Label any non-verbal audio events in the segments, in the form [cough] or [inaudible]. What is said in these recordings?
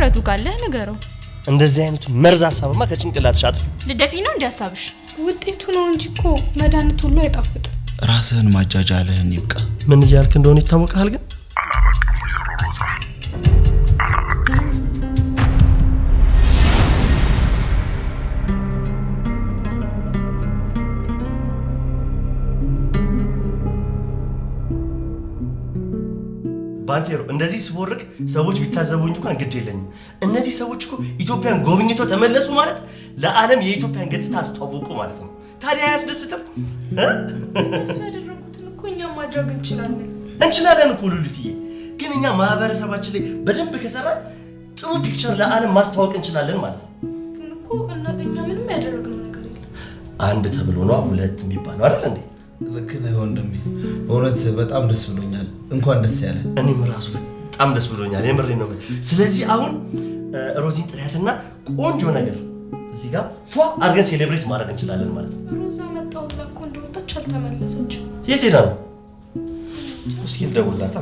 ድፍረቱ ካለህ ንገረው። እንደዚህ አይነቱ መርዝ ሀሳብማ ከጭንቅላትሽ አጥፊ። ልደፊ ነው እንዲህ ሀሳብሽ? ውጤቱ ነው እንጂ እኮ መድኃኒት ሁሉ አይጣፍጥም። ራስህን ማጃጃልህን ይብቃ። ምን እያልክ እንደሆነ ይታወቃል ግን አንቴሮ እንደዚህ ስቦርቅ ሰዎች ቢታዘቡኝ እንኳን ግድ የለኝም። እነዚህ ሰዎች እኮ ኢትዮጵያን ጎብኝቶ ተመለሱ ማለት ለዓለም የኢትዮጵያን ገጽታ አስተዋወቁ ማለት ነው። ታዲያ አያስደስትም? ያደረጉትን እኮ እኛ ማድረግ እንችላለን እንችላለን እኮ ሉልትዬ። ግን እኛ ማህበረሰባችን ላይ በደንብ ከሰራ ጥሩ ፒክቸር ለዓለም ማስተዋወቅ እንችላለን ማለት ነው። ግን እኮ እኛ ምንም ያደረግነው ነገር የለም። አንድ ተብሎ ነዋ ሁለት የሚባለው አይደል እንዴ? ልክ ነህ ወንድሜ። በእውነት በጣም ደስ ብሎኛል። እንኳን ደስ ያለ። እኔም ራሱ በጣም ደስ ብሎኛል። የምሬ ነው። ስለዚህ አሁን ሮዚን ጥሪያትና ቆንጆ ነገር እዚህ ጋር ፏ አድርገን ሴሌብሬት ማድረግ እንችላለን ማለት ነው። ሮዛ መጣው ብላ እኮ እንደወጣች አልተመለሰችም። የት ሄዳ ነው? እስኪ እንደውላታ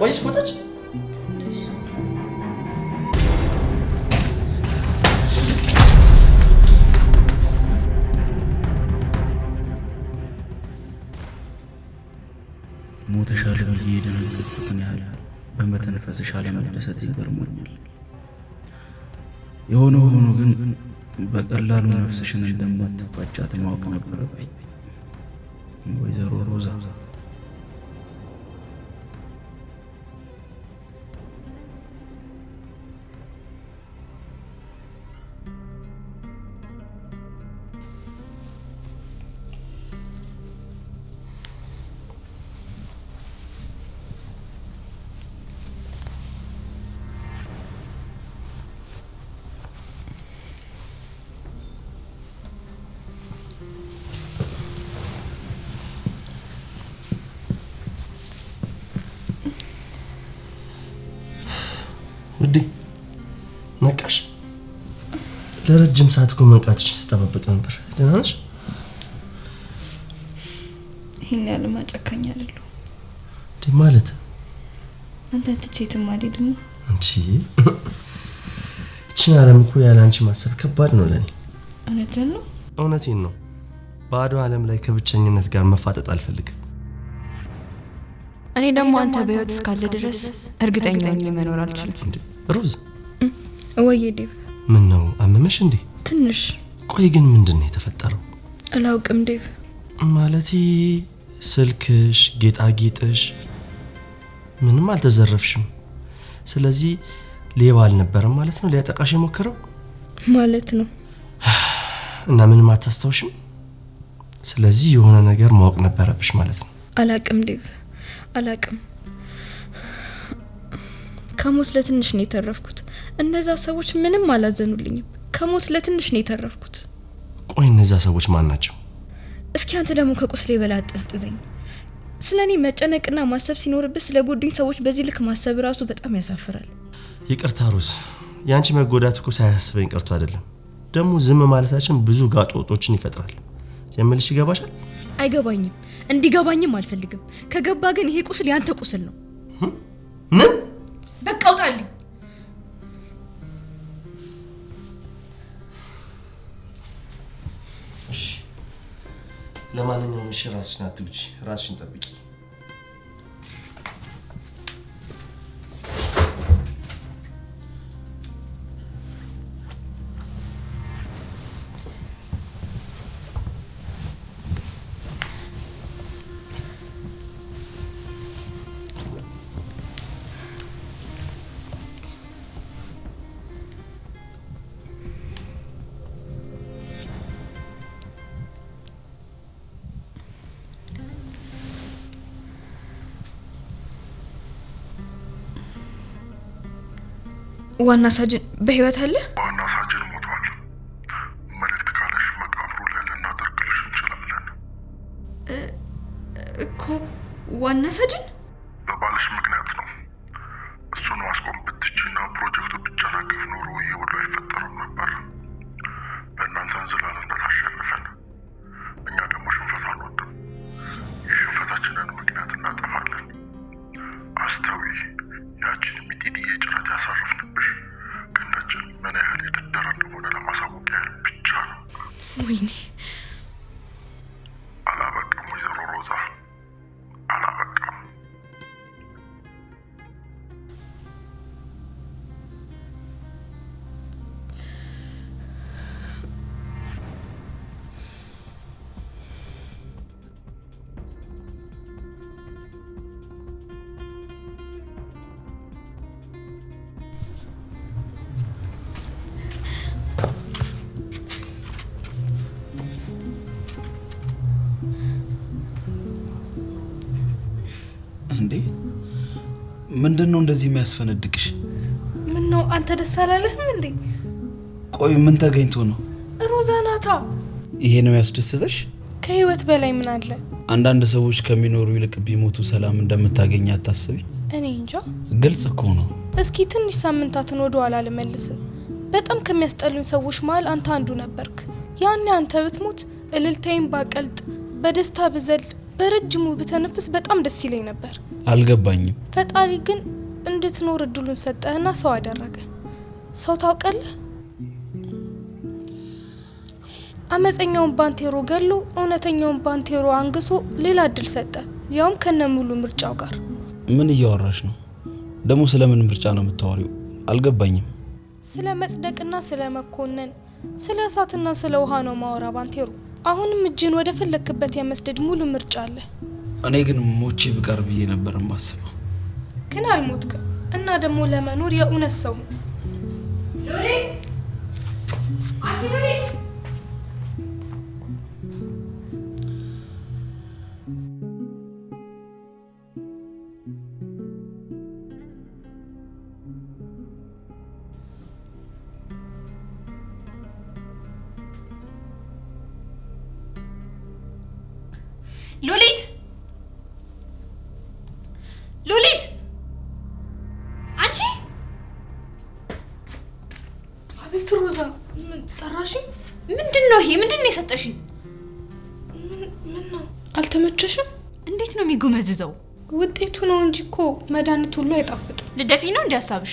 ቆየች። ሞተሻል ብዬ የደነገጥኩትን ያህል በመተንፈስሽ አለመደሰት ይገርሞኛል። የሆነ ሆኖ ግን በቀላሉ ነፍስሽን እንደማትፋጫት ማወቅ ነበረብኝ። ወይዘሮ ሮዛ ረጅም ሰዓት እኮ መንቃትሽን ስጠባበቅ ነበር። ደህና ነሽ? ይህን ያህልማ ጨካኝ እንዴ ማለት አንተ ትቼ የትም አልሄድም። አንቺ እችን ዓለም እኮ ያለ አንቺ ማሰብ ከባድ ነው ለእኔ። እውነትን ነው እውነቴን ነው። ባዶ ዓለም ላይ ከብቸኝነት ጋር መፋጠጥ አልፈልግም። እኔ ደግሞ አንተ በህይወት እስካለ ድረስ እርግጠኛ ሆኜ መኖር አልችልም። ሩዝ ወይ ዴቭ፣ ምን ነው አመመሽ እንዴ? ትንሽ ቆይ ግን ምንድን ነው የተፈጠረው? አላውቅም ዴቭ። ማለቴ ስልክሽ፣ ጌጣጌጥሽ ምንም አልተዘረፍሽም። ስለዚህ ሌባ አልነበረም ማለት ነው ሊያጠቃሽ የሞከረው ማለት ነው። እና ምንም አታስታውሽም። ስለዚህ የሆነ ነገር ማወቅ ነበረብሽ ማለት ነው። አላቅም ዴቭ፣ አላቅም። ከሞት ለትንሽ ነው የተረፍኩት። እነዛ ሰዎች ምንም አላዘኑልኝም። ከሞት ለትንሽ ነው የተረፍኩት። ቆይ እነዛ ሰዎች ማን ናቸው? እስኪ አንተ ደግሞ ከቁስሌ በላ አጠዝጥዘኝ። ስለ እኔ መጨነቅና ማሰብ ሲኖርብህ ስለ ጎዱኝ ሰዎች በዚህ ልክ ማሰብ ራሱ በጣም ያሳፍራል። ይቅርታ ሩዝ የአንቺ መጎዳት እኮ ሳያስበኝ ቀርቶ አይደለም። ደግሞ ዝም ማለታችን ብዙ ጋጦጦችን ይፈጥራል። የምልሽ ይገባሻል? አይገባኝም፣ እንዲገባኝም አልፈልግም። ከገባ ግን ይሄ ቁስል ያንተ ቁስል ነው። ምን? በቃ ውጣልኝ። ለማንኛውም እሺ ራስሽን አትጉጂ፣ ራስሽን ጠብቂ። ዋና ሳጅን በህይወት አለ? ዋና ሳጅን ሞቷል። መልእክት ካለሽ መቃብሩ ላይ ልናደርግልሽ እንችላለን እኮ ዋና ሳጅን beni. ምንድን ነው እንደዚህ የሚያስፈነድቅሽ? ምን ነው አንተ ደስ አላለህም እንዴ? ቆይ ምን ተገኝቶ ነው? ሮዛ ናታ። ይሄ ነው ያስደስተሽ? ከህይወት በላይ ምን አለ? አንዳንድ ሰዎች ከሚኖሩ ይልቅ ቢሞቱ ሰላም እንደምታገኝ አታስቢ? እኔ እንጃ። ግልጽ እኮ ነው። እስኪ ትንሽ ሳምንታትን ወደ ኋላ ልመልስ። በጣም ከሚያስጠሉኝ ሰዎች መሀል አንተ አንዱ ነበርክ። ያኔ አንተ ብትሞት እልልታይን ባቀልጥ፣ በደስታ ብዘል፣ በረጅሙ ብተነፍስ በጣም ደስ ይለኝ ነበር። አልገባኝም። ፈጣሪ ግን እንድትኖር እድሉን ሰጠህና ሰው አደረገ። ሰው ታውቃለህ? አመፀኛውን ባንቴሮ ገሎ እውነተኛውን ባንቴሮ አንግሶ ሌላ እድል ሰጠ፣ ያውም ከነ ሙሉ ምርጫው ጋር። ምን እያወራሽ ነው? ደግሞ ስለምን ምርጫ ነው የምታወሪው? አልገባኝም። ስለ መጽደቅና ስለ መኮነን፣ ስለ እሳትና ስለ ውሃ ነው ማወራ ባንቴሮ። አሁንም እጅን ወደ ፈለክበት የመስደድ ሙሉ ምርጫ አለ። እኔ ግን ሞቼ ብቀር ብዬ ነበር የማስበው። ግን አልሞትክም እና ደግሞ ለመኖር የእውነት ሰው ሁሉ አይጣፍጥም። ልደፊ ነው እንዲ ሀሳብሽ?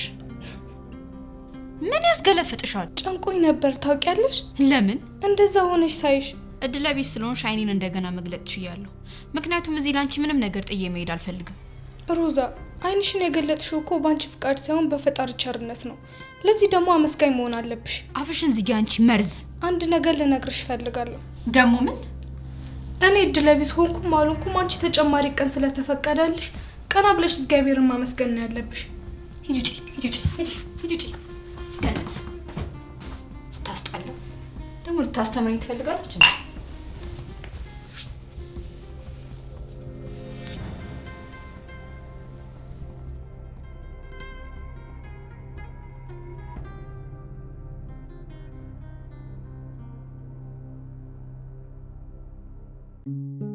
ምን ያስገለፍጥሻል? ጨንቆኝ ነበር ታውቂያለሽ። ለምን እንደዛ ሆነሽ ሳይሽ እድለ ቤት ስለሆንሽ አይኔን እንደገና መግለጥ ችያለሁ። ምክንያቱም እዚህ ላንቺ ምንም ነገር ጥዬ መሄድ አልፈልግም። ሮዛ አይንሽን የገለጥሽው እኮ በአንቺ ፍቃድ ሳይሆን በፈጣሪ ቸርነት ነው። ለዚህ ደግሞ አመስጋኝ መሆን አለብሽ። አፍሽን ዝጊ አንቺ መርዝ። አንድ ነገር ልነግርሽ እፈልጋለሁ። ደግሞ ምን? እኔ እድለ ቤት ሆንኩም አልሆንኩም አንቺ ተጨማሪ ቀን ስለተፈቀደልሽ ቀና ብለሽ እግዚአብሔርን ማመስገን ነው ያለብሽ። ሂጂ ውጪ፣ ሂጂ ደግሞ ልታስተምረኝ ትፈልጋለች። thank you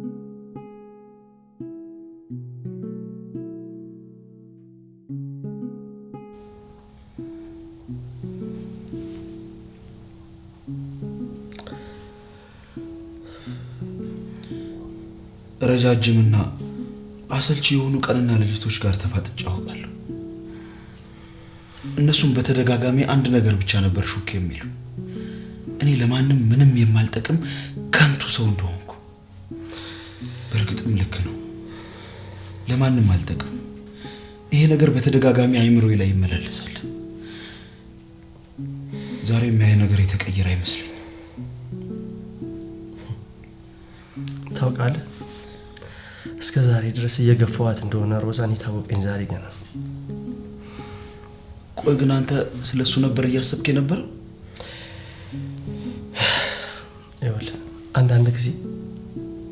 ረጃጅምና አሰልቺ የሆኑ ቀንና ሌሊቶች ጋር ተፋጥጬ አውቃለሁ። እነሱም በተደጋጋሚ አንድ ነገር ብቻ ነበር ሹክ የሚሉ እኔ ለማንም ምንም የማልጠቅም ከንቱ ሰው እንደሆንኩ። በእርግጥም ልክ ነው፣ ለማንም አልጠቅም። ይሄ ነገር በተደጋጋሚ አይምሮ ላይ ይመላለሳል። ዛሬም ያየ ነገር የተቀየረ አይመስለኝም። ታውቃለህ ድረስ እየገፋዋት እንደሆነ ሮዛን የታወቀኝ ዛሬ ገና። ቆይ ግን አንተ ስለ እሱ ነበር እያሰብክ የነበረው? ይኸውልህ አንዳንድ ጊዜ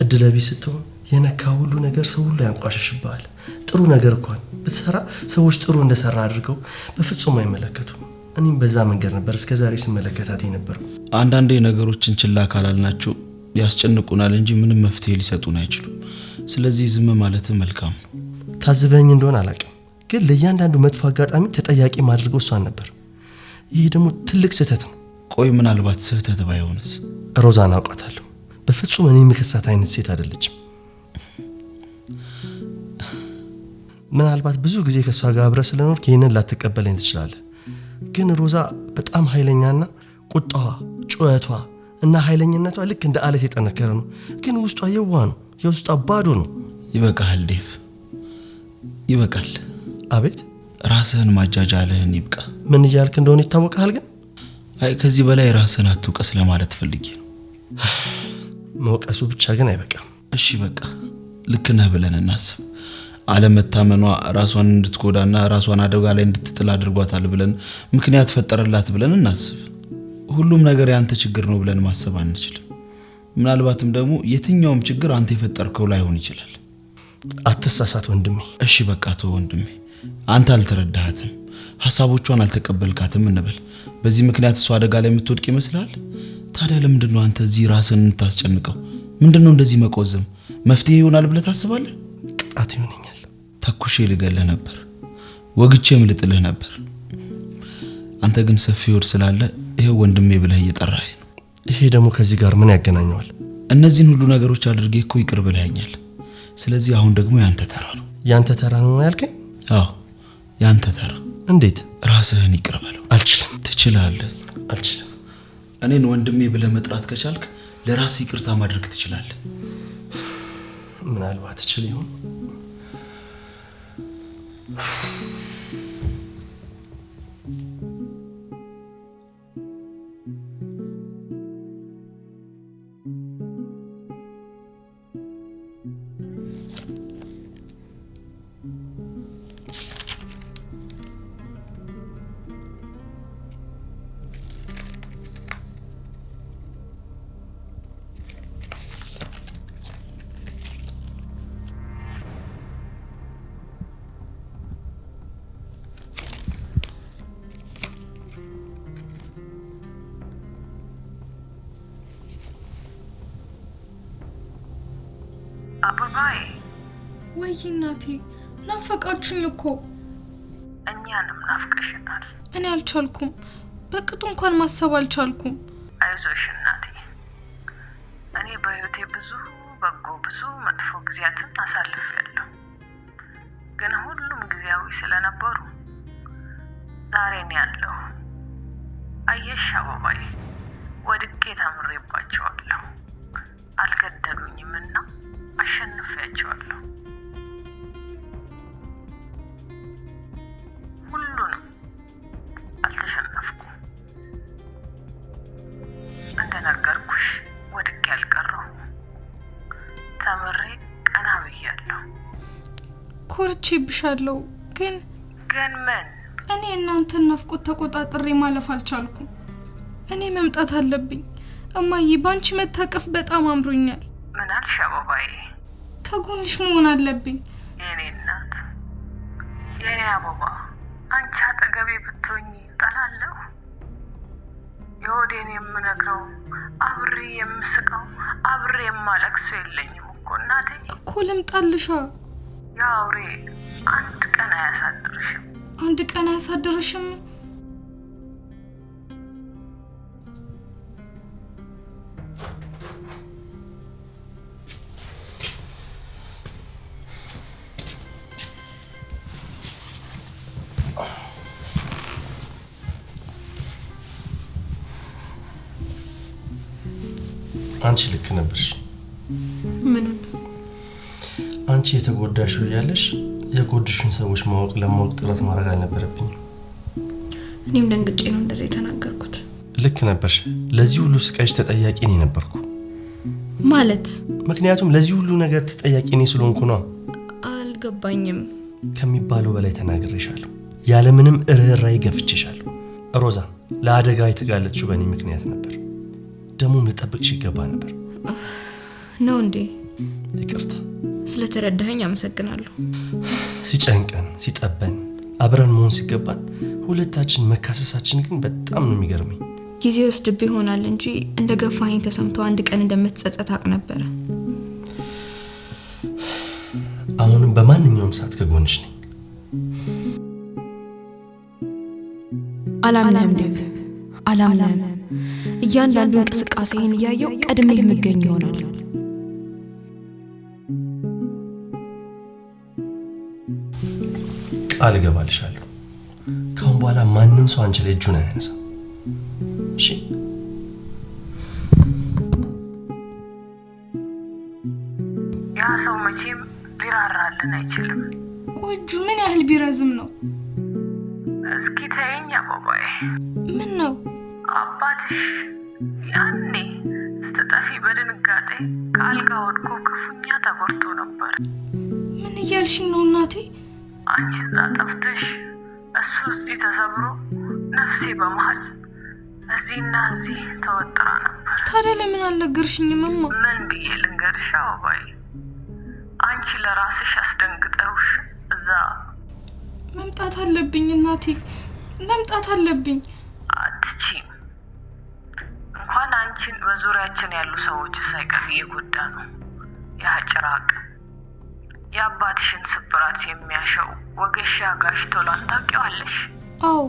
እድለቢስ ስትሆን የነካ ሁሉ ነገር ሰው ሁሉ ያንቋሸሽብሃል። ጥሩ ነገር እንኳን ብትሰራ ሰዎች ጥሩ እንደሰራ አድርገው በፍጹም አይመለከቱም። እኔም በዛ መንገድ ነበር እስከ ዛሬ ስመለከታት የነበረው። አንዳንዴ ነገሮችን ችላ ካላልናቸው ያስጨንቁናል እንጂ ምንም መፍትሄ ሊሰጡን አይችሉም። ስለዚህ ዝም ማለት መልካም ነው። ታዝበኝ እንደሆነ አላውቅም፣ ግን ለእያንዳንዱ መጥፎ አጋጣሚ ተጠያቂ ማድረገው እሷን ነበር። ይህ ደግሞ ትልቅ ስህተት ነው። ቆይ ምናልባት ስህተት ባይሆንስ? ሮዛን አውቃታለሁ። በፍጹም እኔ የምከሳት አይነት ሴት አይደለችም። ምናልባት ብዙ ጊዜ ከእሷ ጋር አብረህ ስለኖር ይህንን ላትቀበለኝ ትችላለህ። ግን ሮዛ በጣም ኃይለኛና ቁጣዋ፣ ጩኸቷ እና ኃይለኝነቷ ልክ እንደ አለት የጠነከረ ነው። ግን ውስጧ የዋ ነው። የውስጥ አባዶ ነው። ይበቃል ዴቭ፣ ይበቃል። አቤት ራስህን ማጃጃልህን ይብቃ። ምን እያልክ እንደሆነ ይታወቃል። ግን አይ ከዚህ በላይ ራስህን አትውቀስ ለማለት ፈልጌ ነው። መውቀሱ ብቻ ግን አይበቃም። እሺ በቃ ልክ ነህ ብለን እናስብ። አለመታመኗ ራሷን እንድትጎዳና ራሷን አደጋ ላይ እንድትጥል አድርጓታል ብለን ምክንያት ፈጠረላት ብለን እናስብ። ሁሉም ነገር ያንተ ችግር ነው ብለን ማሰብ አንችልም። ምናልባትም ደግሞ የትኛውም ችግር አንተ የፈጠርከው ላይሆን ይችላል። አትሳሳት ወንድሜ። እሺ በቃ ተው ወንድሜ፣ አንተ አልተረዳሃትም፣ ሀሳቦቿን አልተቀበልካትም እንበል። በዚህ ምክንያት እሷ አደጋ ላይ የምትወድቅ ይመስላል። ታዲያ ለምንድን ነው አንተ እዚህ ራስን የምታስጨንቀው? ምንድን ነው እንደዚህ መቆዘም? መፍትሄ ይሆናል ብለህ ታስባለህ? ቅጣት ይሆነኛል። ተኩሼ ልገልህ ነበር፣ ወግቼም ልጥልህ ነበር። አንተ ግን ሰፊ ሆድ ስላለ ይኸው ወንድሜ ብለህ እየጠራህ ይሄ ደግሞ ከዚህ ጋር ምን ያገናኘዋል? እነዚህን ሁሉ ነገሮች አድርጌ እኮ ይቅር ብለኸኛል። ስለዚህ አሁን ደግሞ ያንተ ተራ ነው። ያንተ ተራ ነው ያልከኝ? አዎ ያንተ ተራ። እንዴት? ራስህን ይቅር በለው። አልችልም። ትችላለህ። አልችልም። እኔን ወንድሜ ብለህ መጥራት ከቻልክ ለራስህ ይቅርታ ማድረግ ትችላለህ። ምናልባት እችል ይሆን? ወይ እናቴ ናፈቃችሁኝ እኮ እኛንም ናፍቀሽናል። እኔ አልቻልኩም፣ በቅጡ እንኳን ማሰብ አልቻልኩም። እወድሻለሁ ግን ግን ምን እኔ እናንተን ናፍቆት ተቆጣጥሬ ማለፍ አልቻልኩም። እኔ መምጣት አለብኝ እማዬ። በአንቺ መታቀፍ በጣም አምሮኛል። ምን አልሽ አበባዬ? ከጎንሽ መሆን አለብኝ የኔ እናት፣ የኔ አበባ። አንቺ አጠገቤ ብትሆኝ ጠላለሁ። የወዴን የምነግረው አብሬ የምስቀው አብሬ የማለቅሰው የለኝም እኮ እናቴ። እኮ ልምጣልሻ። ያ አውሬ አንድ ቀን አያሳድርሽም። አንድ ቀን አያሳድርሽም። አንቺ ልክ ነበርሽ። ምኑን አንቺ የተጎዳሽው እያለሽ የጎድሽን ሰዎች ማወቅ ለማወቅ ጥረት ማድረግ አልነበረብኝም። እኔም ደንግጬ ነው እንደዚህ የተናገርኩት። ልክ ነበርሽ። ለዚህ ሁሉ ስቃይሽ ተጠያቂ እኔ ነበርኩ ማለት። ምክንያቱም ለዚህ ሁሉ ነገር ተጠያቂ እኔ ስለሆንኩ ነው። አልገባኝም። ከሚባለው በላይ ተናግሬሻለሁ። ያለምንም እርኅራኄ ገፍቼሻለሁ። ሮዛ፣ ለአደጋ የተጋለጥሽው በእኔ ምክንያት ነበር። ደግሞም ልጠብቅሽ ይገባ ነበር። ነው እንዴ? ይቅርታ ስለተረዳኸኝ አመሰግናለሁ። ሲጨንቀን ሲጠበን አብረን መሆን ሲገባን ሁለታችን መካሰሳችን ግን በጣም ነው የሚገርመኝ። ጊዜ ወስድብህ ይሆናል እንጂ እንደ ገፋኸኝ ተሰምቶ አንድ ቀን እንደምትጸጸት አውቅ ነበረ። አሁንም በማንኛውም ሰዓት ከጎንሽ ነኝ። አላምንም ዴቭ፣ አላምንም። እያንዳንዱ እንቅስቃሴህን እያየው ቀድሜ የምገኝ ይሆናል። ቃል እገባልሻለሁ፣ ካሁን በኋላ ማንም ሰው አንቺ ላይ እጁን አያነሳ። እሺ? ያ ሰው መቼም ሊራራልን አይችልም። ቆጁ ምን ያህል ቢረዝም ነው? እስኪ ተይኝ አበባዬ። ምን ነው አባትሽ ያኔ ስትጠፊ በድንጋጤ ከአልጋ ወድቆ ክፉኛ ተጎድቶ ነበር። ምን እያልሽ ነው እናቴ? አንቺ እዛ ጠፍተሽ እሱ እዚህ ተሰብሮ ነፍሴ በመሀል እዚህና እዚህ ተወጥራ ነበር። ታዲያ ለምን አልነገርሽኝም? እማ ምን ብዬ ልንገርሽ አበባዬ? አንቺ ለራስሽ አስደንግጠውሽ እዛ መምጣት አለብኝ እናቴ፣ መምጣት አለብኝ። አትችም። እንኳን አንቺን በዙሪያችን ያሉ ሰዎች ሳይቀር እየጎዳ ነው። ያ ጭራቅ የአባትሽን ስብራት የሚያሸው ወገሻ ጋሽ ቶላን ታውቂዋለሽ? አዎ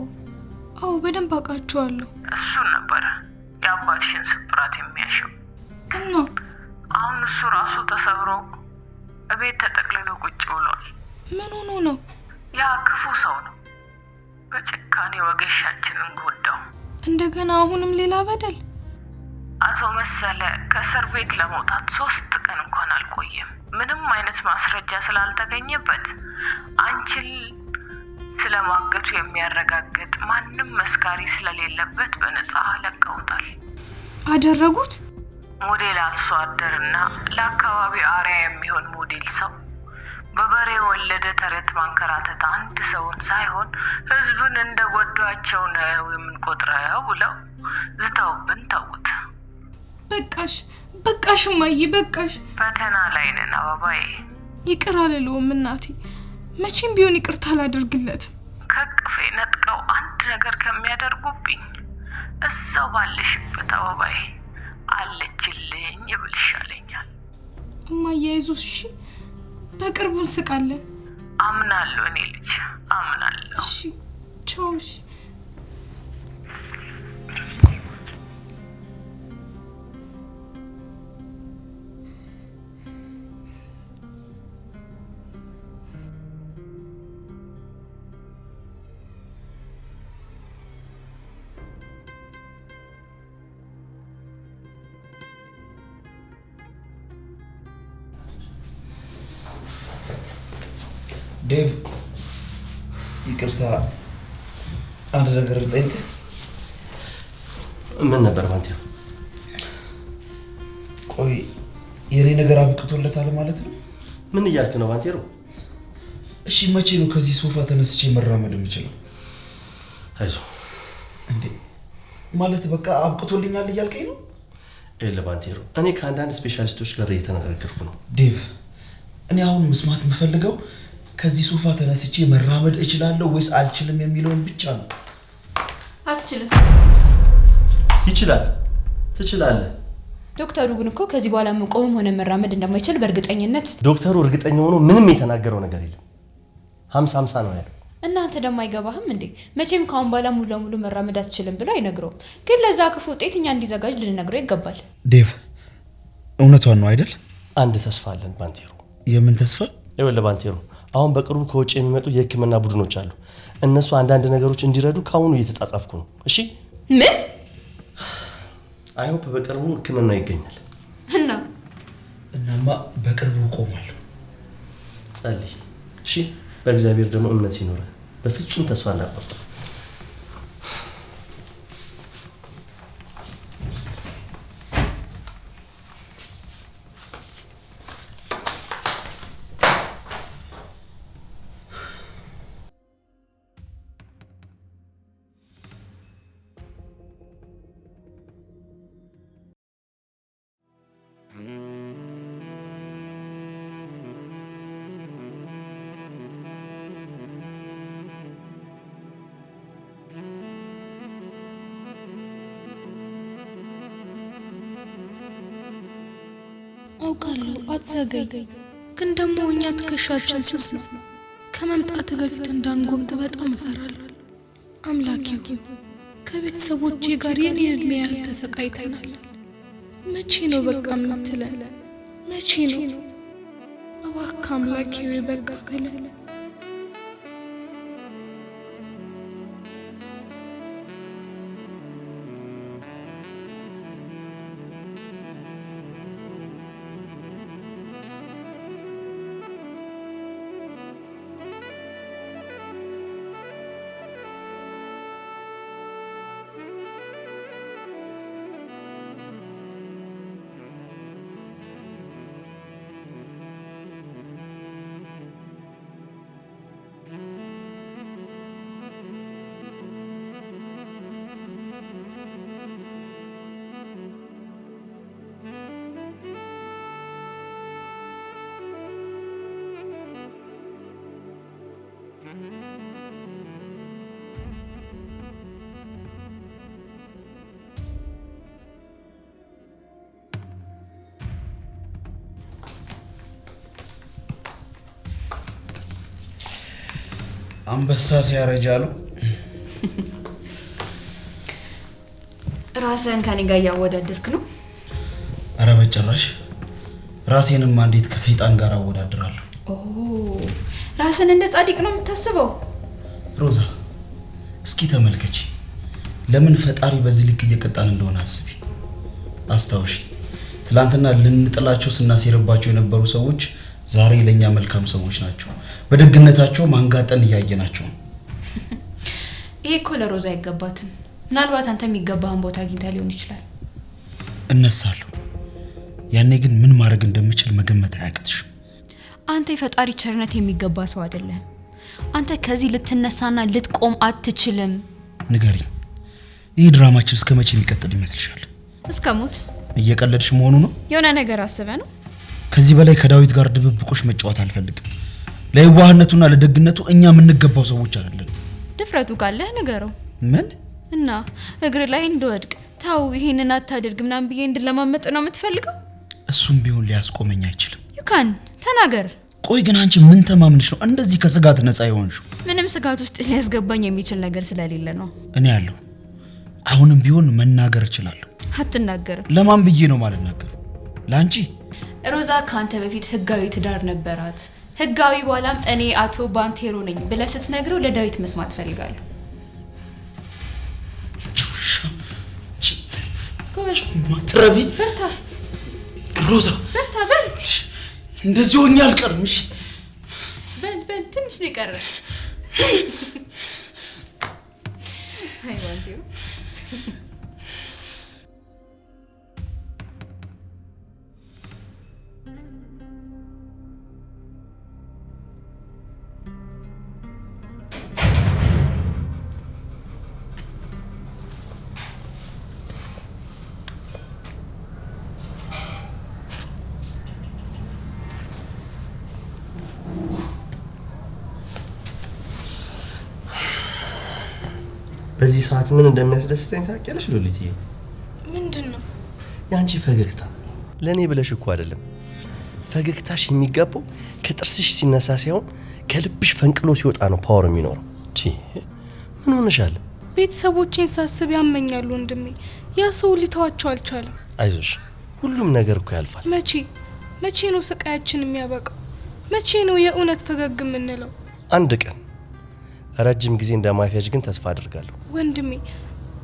አዎ፣ በደንብ አውቃቸዋለሁ። እሱን ነበረ የአባትሽን ስብራት የሚያሸው እና አሁን እሱ ራሱ ተሰብሮ እቤት ተጠቅልሎ ቁጭ ብሏል። ምን ሆኖ ነው? ያ ክፉ ሰው ነው። በጭካኔ ወገሻችንን ጎዳው። እንደገና አሁንም ሌላ በደል አቶ መሰለ ከእስር ቤት ለመውጣት ሶስት ቀን እንኳን አልቆየም። ምንም አይነት ማስረጃ ስላልተገኘበት አንቺን ስለማገቱ የሚያረጋግጥ ማንም መስካሪ ስለሌለበት በነጻ ለቀውታል። አደረጉት። ሞዴል አርሶ አደርና ለአካባቢ አሪያ የሚሆን ሞዴል ሰው በበሬ ወለደ ተረት ማንከራተት አንድ ሰውን ሳይሆን ህዝብን እንደ ጎዷቸው ነው የምንቆጥረው ብለው ዝተውብን ተውት። በቃሽ በቃሽ እማዬ በቃሽ። ፈተና ላይ ነን አበባዬ። ይቅር አልለውም እናቴ፣ መቼም ቢሆን ይቅርታ አላደርግለትም። ከቅፌ ነጥቀው አንድ ነገር ከሚያደርጉብኝ እዛው ባለሽበት አበባዬ አለችልኝ ይብልሻለኛል። እማዬ አይዞሽ እሺ፣ በቅርቡ እንስቃለን። አምናለሁ እኔ ልጅ አምናለሁ። እሺ ቻው። እሺ ዴቭ ይቅርታ፣ አንድ ነገር ልጠይቅ። ምን ነበር ማንቴ? ቆይ የኔ ነገር አብቅቶለታል ማለት ነው? ምን እያልክ ነው ባንቴሮ? እሺ መቼ ነው ከዚህ ሶፋ ተነስቼ መራመድ የምችለው? አይዞህ እንዴ ማለት በቃ አብቅቶልኛል እያልከኝ ነው? ኤለ ባንቴሮ፣ እኔ ከአንዳንድ ስፔሻሊስቶች ጋር እየተነጋገርኩ ነው። ዴቭ፣ እኔ አሁን መስማት የምፈልገው ከዚህ ሶፋ ተነስቼ መራመድ እችላለሁ ወይስ አልችልም የሚለውን ብቻ ነው። አትችልም። ይችላል። ትችላለህ። ዶክተሩ ግን እኮ ከዚህ በኋላ መቆምም ሆነ መራመድ እንደማይችል በእርግጠኝነት ዶክተሩ እርግጠኛ ሆኖ ምንም የተናገረው ነገር የለም። ሀምሳ ሀምሳ ነው ያለው። እናንተ ደግሞ አይገባህም እንዴ? መቼም ከአሁን በኋላ ሙሉ ለሙሉ መራመድ አትችልም ብሎ አይነግረውም። ግን ለዛ ክፉ ውጤት እኛ እንዲዘጋጅ ልንነግረው ይገባል። ዴቭ፣ እውነቷን ነው አይደል? አንድ ተስፋ አለን ባንቴሮ። የምን ተስፋ? ይኸውልህ ባንቴሮ አሁን በቅርቡ ከውጭ የሚመጡ የህክምና ቡድኖች አሉ። እነሱ አንዳንድ ነገሮች እንዲረዱ ከአሁኑ እየተጻጻፍኩ ነው። እሺ ምን አይሆፕ በቅርቡ ህክምና ይገኛል እና እናማ በቅርቡ እቆማለሁ። ጸልይ። እሺ በእግዚአብሔር ደግሞ እምነት ይኖረ። በፍጹም ተስፋ እናቆርጠው። አውቃለሁ፣ አትዘገይ። ግን ደግሞ እኛ ትከሻችን ስስ ነው። ከመምጣት በፊት እንዳንጎብጥ በጣም እፈራለሁ። አምላኬ ከቤተሰቦቼ ጋር የኔን እድሜ ያህል ተሰቃይተናል። መቼ ነው በቃ የምትለን? መቼ ነው እባክህ አምላኬ በቃ ብለን አንበሳ ሲያረጃሉ ራስህን ከኔ ጋር እያወዳደርክ ነው? አረ በጭራሽ። ራሴንማ እንዴት ከሰይጣን ጋር አወዳድራለሁ? ራስን እንደ ጻድቅ ነው የምታስበው? ሮዛ እስኪ ተመልከች፣ ለምን ፈጣሪ በዚህ ልክ እየቀጣን እንደሆነ አስቢ። አስታውሺ፣ ትላንትና ልንጥላቸው ስናሴርባቸው የነበሩ ሰዎች ዛሬ ለእኛ መልካም ሰዎች ናቸው። በደግነታቸው ማንጋጠን እያየናቸው ነው። [laughs] ይሄ እኮ ለሮዛ አይገባትም። ምናልባት አንተ የሚገባህን ቦታ አግኝታ ሊሆን ይችላል። እነሳለሁ። ያኔ ግን ምን ማድረግ እንደምችል መገመት አያቅትሽ። አንተ የፈጣሪ ቸርነት የሚገባ ሰው አይደለህም። አንተ ከዚህ ልትነሳና ልትቆም አትችልም። ንገሪ፣ ይህ ድራማችን እስከ መቼ የሚቀጥል ይመስልሻል? እስከ ሞት። እየቀለድሽ መሆኑ ነው? የሆነ ነገር አስበ ነው። ከዚህ በላይ ከዳዊት ጋር ድብብቆሽ መጫወት አልፈልግም። ለየዋህነቱና ለደግነቱ እኛ የምንገባው ሰዎች አይደለን። ድፍረቱ ካለህ ንገረው። ምን እና እግር ላይ እንደወድቅ ተው፣ ይሄንን አታድርግ ምናምን ብዬ እንድለማመጥ ነው የምትፈልገው? እሱም ቢሆን ሊያስቆመኝ አይችልም። ዩካን ተናገር። ቆይ ግን አንቺ ምን ተማምንሽ ነው እንደዚህ ከስጋት ነፃ የሆንሽው? ምንም ስጋት ውስጥ ሊያስገባኝ የሚችል ነገር ስለሌለ ነው። እኔ ያለው አሁንም ቢሆን መናገር እችላለሁ። አትናገርም። ለማን ብዬ ነው ማለት ነገር? ለአንቺ ሮዛ ከአንተ በፊት ህጋዊ ትዳር ነበራት። ህጋዊ በኋላም እኔ አቶ ባንቴሮ ነኝ ብለ ስትነግረው ለዳዊት መስማት ፈልጋለሁ። ማትረቢ በርታ፣ ሮዛ በርታ። በል እንደዚህ ሆኜ አልቀርም። እሺ በል በል፣ ትንሽ ነው [laughs] አይ ባንቴሮ በዚህ ሰዓት ምን እንደሚያስደስተኝ ታውቂያለሽ ሉሊትዬ? ምንድን ነው? የአንቺ ፈገግታ። ለእኔ ብለሽ እኮ አይደለም ፈገግታሽ የሚገባው ከጥርስሽ ሲነሳ ሳይሆን ከልብሽ ፈንቅሎ ሲወጣ ነው ፓወር የሚኖረው። ምን ሆነሻል? ቤተሰቦቼን ሳስብ ያመኛሉ ወንድሜ። ያ ሰው ሊተዋቸው አልቻለም። አይዞሽ፣ ሁሉም ነገር እኮ ያልፋል። መቼ መቼ ነው ስቃያችን የሚያበቃው? መቼ ነው የእውነት ፈገግ የምንለው? አንድ ቀን። ረጅም ጊዜ እንደማይፈጅ ግን ተስፋ አድርጋለሁ። ወንድሜ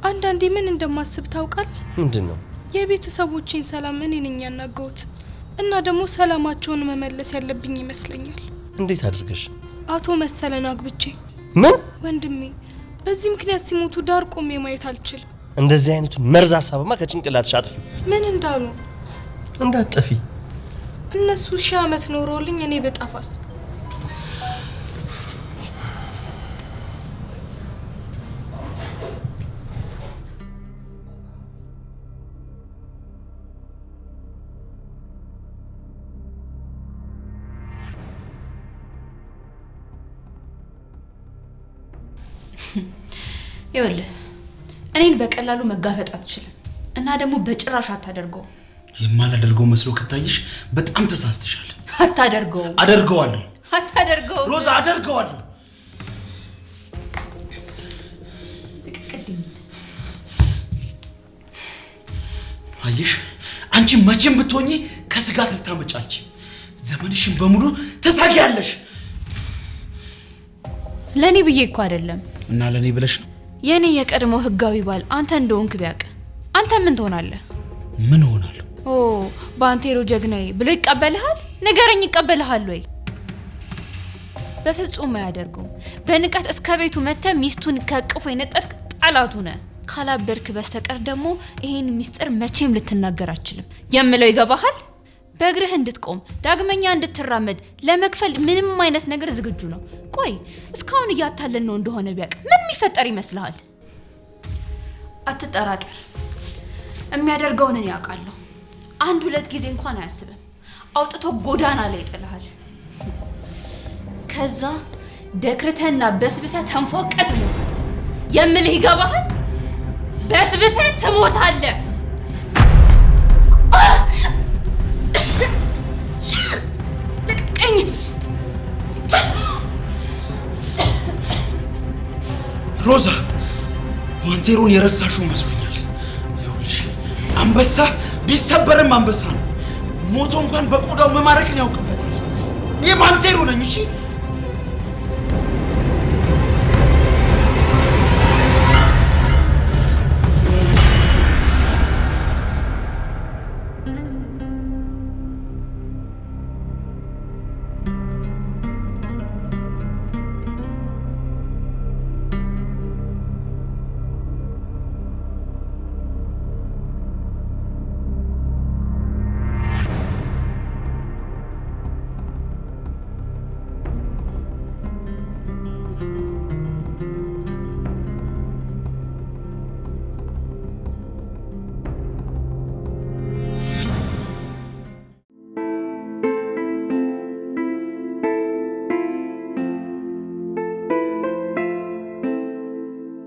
አንዳንዴ ምን እንደማስብ ታውቃል? ምንድን ነው? የቤተሰቦቼን ሰላም እኔ ነኝ ያናገሁት እና ደግሞ ሰላማቸውን መመለስ ያለብኝ ይመስለኛል። እንዴት አድርገሽ? አቶ መሰለን አግብቼ። ምን? ወንድሜ በዚህ ምክንያት ሲሞቱ ዳር ቆሜ ማየት አልችልም። እንደዚህ አይነቱ መርዝ ሀሳብማ ከጭንቅላትሽ አጥፊ። ምን እንዳሉ እንዳጠፊ እነሱ ሺህ ዓመት ኖሮልኝ እኔ በጣፋስ [laughs] ይኸውልህ እኔን በቀላሉ መጋፈጥ አትችልም እና ደግሞ በጭራሽ አታደርገው። የማላደርገው መስሎ ከታየሽ በጣም ተሳስተሻል። አታደርገው። አደርገዋለሁ። አታደርገው ሮዛ፣ አደርገዋለሁ። አየሽ፣ አንቺ መቼም ብትሆኚ ከስጋት ልታመጫልች ዘመንሽን በሙሉ ትሰጊያለሽ። ለእኔ ብዬ እኮ አይደለም እና ለኔ ብለሽ ነው? የኔ የቀድሞ ህጋዊ ባል አንተ እንደሆንክ ቢያውቅ አንተ ምን ትሆናለህ? ምን እሆናለሁ? ኦ ባንቴሮ ጀግናዬ ብሎ ይቀበልሃል? ንገረኝ፣ ይቀበልሃል ወይ? በፍጹም አያደርገውም በንቀት እስከ ቤቱ መጥተህ ሚስቱን ከቅፎ የነጠርክ ጠላቱ ነ ካላበርክ በስተቀር ደግሞ ይሄን ሚስጥር መቼም ልትናገር አችልም የምለው ይገባሃል? በእግርህ እንድትቆም ዳግመኛ እንድትራመድ ለመክፈል ምንም አይነት ነገር ዝግጁ ነው። ቆይ እስካሁን እያታለን ነው እንደሆነ ቢያቅ ምን የሚፈጠር ይመስልሃል? አትጠራጠር፣ የሚያደርገውን እኔ ያውቃለሁ። አንድ ሁለት ጊዜ እንኳን አያስብም፣ አውጥቶ ጎዳና ላይ ይጥልሃል። ከዛ ደክርተና በስብሰ ተንፏቀ ትሞታለህ። የምልህ ይገባሃል? በስብሰ ትሞታለህ። ልቀቀኝ! ሮዛ ቫንቴሩን የረሳሽው መስሎኛል። ይኸውልሽ አንበሳ ቢሰበርም አንበሳ ነው። ሞቶ እንኳን በቆዳው መማረክን ያውቅበታል። ይህ ቫንቴሩ ነኝ እሺ